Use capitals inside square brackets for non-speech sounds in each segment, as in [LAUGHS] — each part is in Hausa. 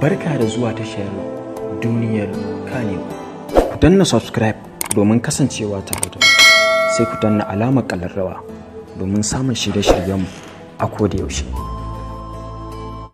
barka da zuwa tashar duniyar kanewa ku danna subscribe domin kasancewa ta da sai ku danna alamar kalarrawa domin samun shirye-shiryenmu a kodayaushe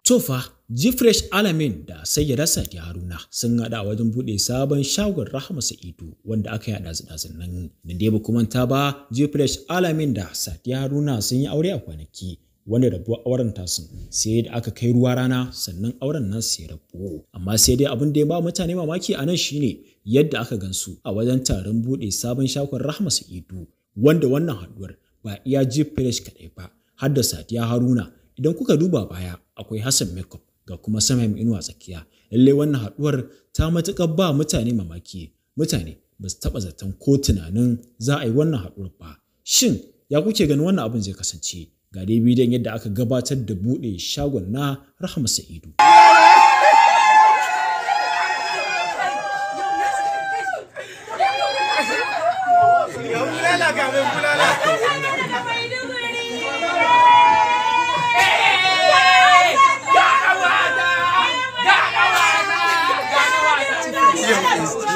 tofa Jifresh Alamin da Sayyada Sadi Haruna sun haɗa wajen buɗe sabon shagon Rahama Sa'idu wanda aka yaɗa zidazin nan. Da dai ba ta ba, Jifresh Alamin da Sadi Haruna sun yi aure a kwanaki wanda rabuwa auren tasu sai da aka kai ruwa rana sannan auren nan sai rabu amma sai dai abin da ya ba mutane mamaki a nan shine yadda aka gansu a wajen taron bude sabon shakon rahma sa'idu wanda wannan haduwar ba iya jeep fresh kadai ba har da sadiya haruna idan kuka duba baya akwai hassan makeup ga kuma samayim inuwa tsakiya lalle wannan haɗuwar ta matukar ba mutane mamaki mutane ba su taɓa zaton ko tunanin za a yi wannan haɗuwar ba shin ya kuke ganin wannan abin zai kasance ga dai bidiyon yadda aka gabatar da buɗe shagon na rahama sa'idu Alright,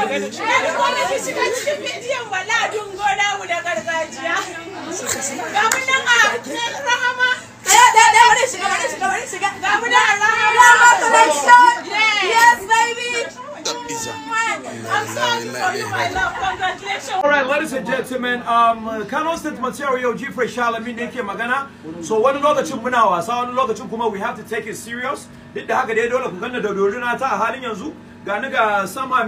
ladies and gentlemen, um, Kano State material, Jeffrey Shalami, Nike Magana. So, one lokacin muna wasa, wani another kuma we have to take it serious. Duk da haka of dole ku ganda da dorina ta halin yanzu sama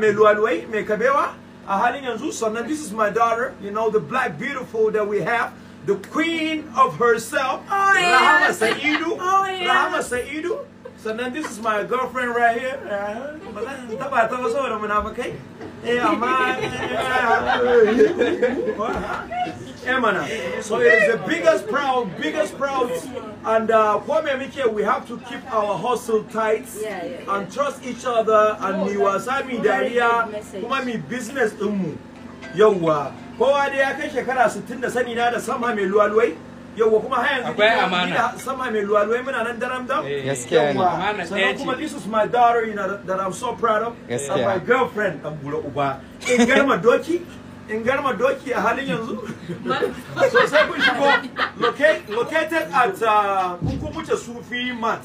this is my daughter you know the black beautiful that we have the queen of herself oh, yeah. Rahama Saidu oh, yeah. Rahama Saidu then this is my girlfriend right here ba zan [LAUGHS] Emana. So it is the biggest proud, biggest proud. And uh, Kwame we have to keep our hustle tight yeah, yeah, yeah. and trust each other. And ni wasami dariya kuma mi business ɗinmu. Yawwa, kowa dai ya kai shekara 60 da sani na da sama mai luwaluwai. yauwa kuma har yanzu akwai amana sama mai luwaluwai muna nan daram dam eh, gaskiya ne amana sannan kuma this is my daughter you know, that I'm so proud of and my girlfriend dan bura uba in girma [LAUGHS] doki in garma doki a halin yanzu sosai kun shigo located at uh, kun wuce sufi mat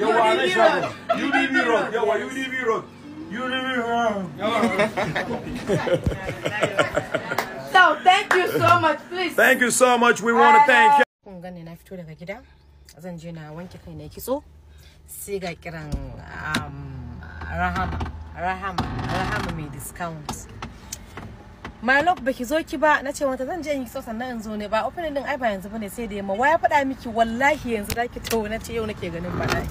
road yawa udb road udb road so thank you so much please thank you so much we want to thank you na daga na um, rahama rahama rahama my love baki zo ki ba nace mata zan je in so sannan in zo ne ba opening din ai ba yanzu bane sai da yamma waya faɗa miki wallahi yanzu zaki tawo nace yau nake ganin ba dai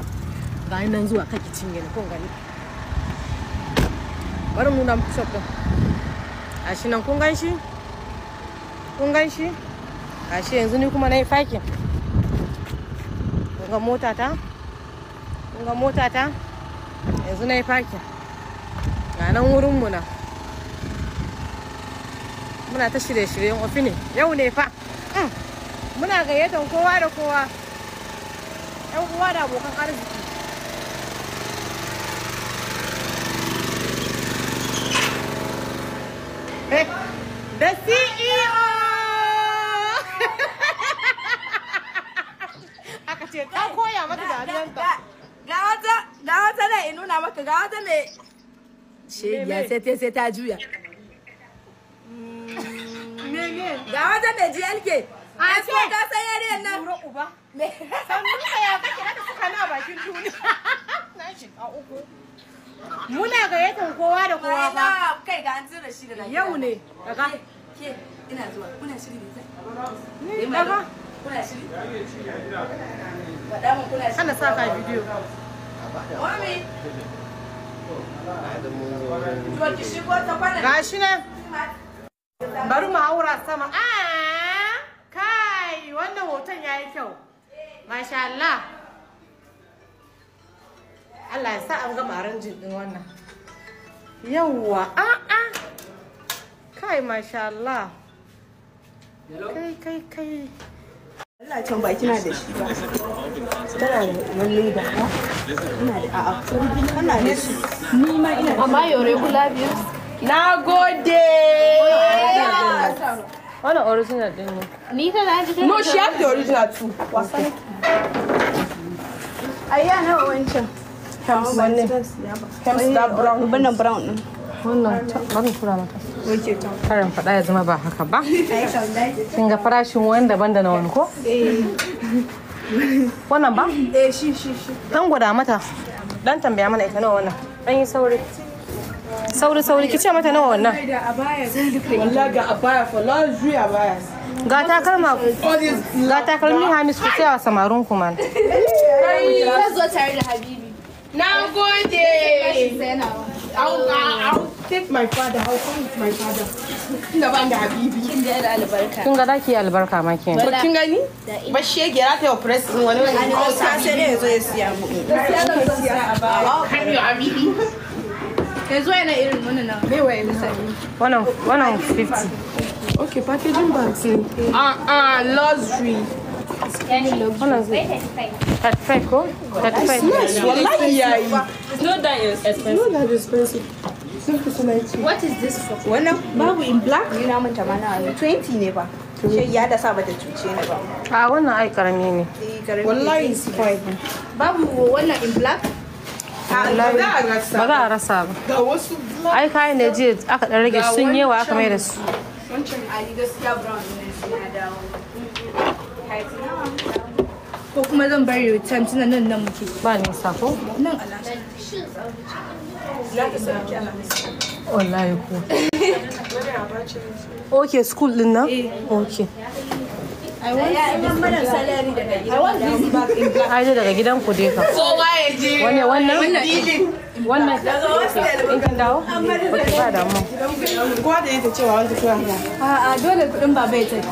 ga nan zuwa kake cinye ni kun gani bari mu nan shop din a shi nan kun ganshi kun ganshi shi a shi yanzu ni kuma nayi yi fakin kun ga mota ta kun ga mota ta yanzu nayi yi fakin ga nan wurin mu nan muna ta shirye-shiryen ofini yau ne fa mm. muna gayyatar kowa da kowa yan uwa da abokan arziki da eh, ceo [LAUGHS] aka ce ta koya mata da aliyanta ga wata da inuna maka ga wata mai shegiya sai ta juya ta mai GLK. Ai ko ka san yariyar nan. uba. Me? Sannu ka ya kake da suka na bakin duniya. [LAUGHS] Na uku. Muna gayyatar kowa da kowa ba. Kai ga an tsira shi da lafiya. Yau ne. Ke ina zuwa. Kuna shiri ne Kuna shiri. kuna shiri. Ana bidiyo. Mami. Gashi nan. Bari mu haura sama. Ah! wannan hoton ya yi kyau masha Allah Allah ya sa an ga gama jin din wannan yawwa a kai masha Allah kai kai kai Allah can baki na da shi ba tana da wani ba ina da a a kana da shi ni ma ina amma yore kula biyu na gode Why not original din ne. Ni ta na ji No, she have the original too. Wasa nake. Ayya nawa wancan. Hems wanne. Hems da brown. Wannan brown din. Wannan bari kura mata. Wace ta. Karin fada ya zama ba haka ba. Kin ga farashin wanda daban da na wani ko? Eh. Wannan ba? Eh shi shi shi. Dan gwada mata. Dan tambaya mana ita nawa wannan. Dan yi sauri. sauri sauri ki ce mata nawa wannan wallahi ga abaya fa la ni abaya ga takalma ga takalmi hamis ku tsaya samarun ku man kai ya zo tare da habibi na gode take my father. I'll come with my father. Tunda ban da habibi. Kin da albarka. Kun ga ki albarka ma ke. kin gani? Ba shege za ta press wani wani. sai ne yazo ya siya mu. Ya siya a Kan yi habibi. yanzu yana irin wannan na bai waye misali wannan wannan 50 okay packaging bags ne ah uh-uh, ah luxury wannan 35 ko 35 nice wallahi yayi no that is expensive no that is expensive What is this for? babu in black? Ni na manta ma 20 ne ba. Shi ya da sa bata cuce ni ba. A ah, wannan ai karami ne. Eh, wallahi is fine. Babu wannan in black? ba za a rasa ba ai kayan da jiya aka dan rage sun wa aka mai da su ko kuma zan bari return tuna nan nan muke ba ne sako nan alashi wallahi ko [LAUGHS] okay school din nan eh. okay Ai da daga gidan ku dai ka. Wani wannan? Wannan in kin dawo? Ba damu. da yake cewa wata kuwa. A'a dole kuɗin ba bai tafi.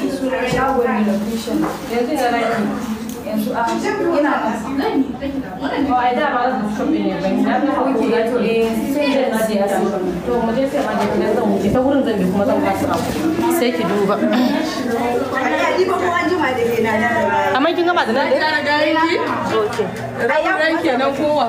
suna shago mai location na sai ki duba amma kin gama da nan da dare ki okay ai ya kowa